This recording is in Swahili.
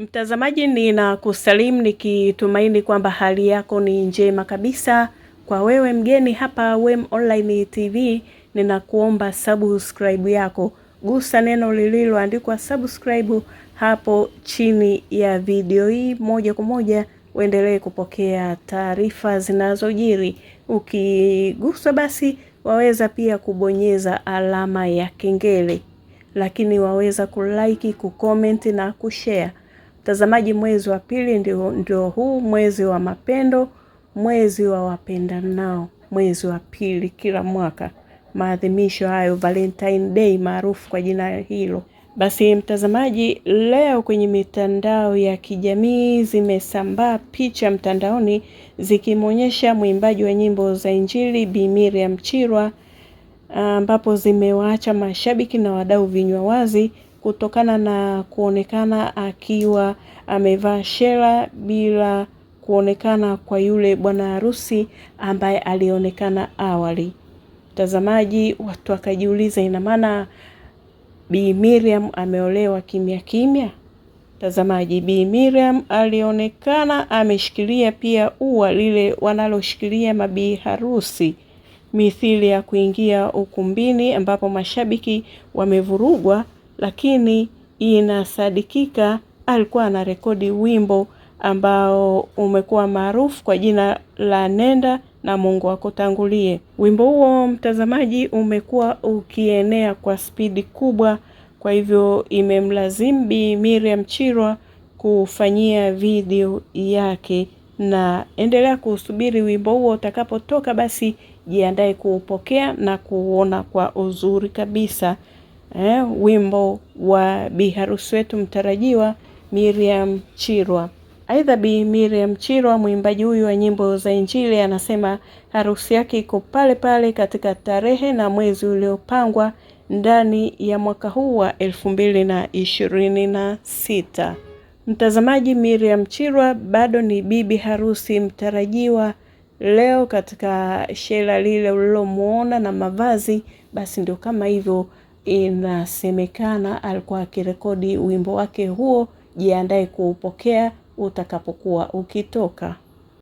Mtazamaji, kusalimu nikitumaini kwamba hali yako ni njema kabisa. Kwa wewe mgeni hapa WEM Online TV, ninakuomba subscribe yako, gusa neno lililoandikwa subscribe hapo chini ya video hii, moja kwa moja uendelee kupokea taarifa zinazojiri. Ukiguswa basi, waweza pia kubonyeza alama ya kengele, lakini waweza kulike, kukomenti na kushare Mtazamaji, mwezi wa pili ndio, ndio huu mwezi wa mapendo, mwezi wa wapendanao, mwezi wa pili kila mwaka, maadhimisho hayo Valentine Day maarufu kwa jina hilo. Basi mtazamaji, leo kwenye mitandao ya kijamii zimesambaa picha mtandaoni zikimwonyesha mwimbaji wa nyimbo za Injili Bi Miriam Chirwa ambapo zimewaacha mashabiki na wadau vinywa wazi kutokana na kuonekana akiwa amevaa shela bila kuonekana kwa yule bwana harusi ambaye alionekana awali. Mtazamaji, watu wakajiuliza, ina maana Bi Miriam ameolewa kimya kimya? Mtazamaji, Bi Miriam alionekana ameshikilia pia ua lile wanaloshikilia mabii harusi mithili ya kuingia ukumbini ambapo mashabiki wamevurugwa lakini inasadikika alikuwa anarekodi wimbo ambao umekuwa maarufu kwa jina la Nenda na Mungu Akutangulie. Wimbo huo mtazamaji, umekuwa ukienea kwa spidi kubwa, kwa hivyo imemlazimu Bi Miriam Chirwa kufanyia video yake, na endelea kusubiri wimbo huo utakapotoka, basi jiandae kuupokea na kuuona kwa uzuri kabisa eh, wimbo wa biharusi wetu mtarajiwa Miriam Chirwa. Aidha, Bi Miriam Chirwa, mwimbaji huyu wa nyimbo za Injili, anasema harusi yake iko pale pale katika tarehe na mwezi uliopangwa ndani ya mwaka huu wa elfu mbili na ishirini na sita. Mtazamaji, Miriam Chirwa bado ni bibi harusi mtarajiwa leo katika shela lile ulilomuona na mavazi, basi ndio kama hivyo inasemekana alikuwa akirekodi wimbo wake huo, jiandae kuupokea utakapokuwa ukitoka.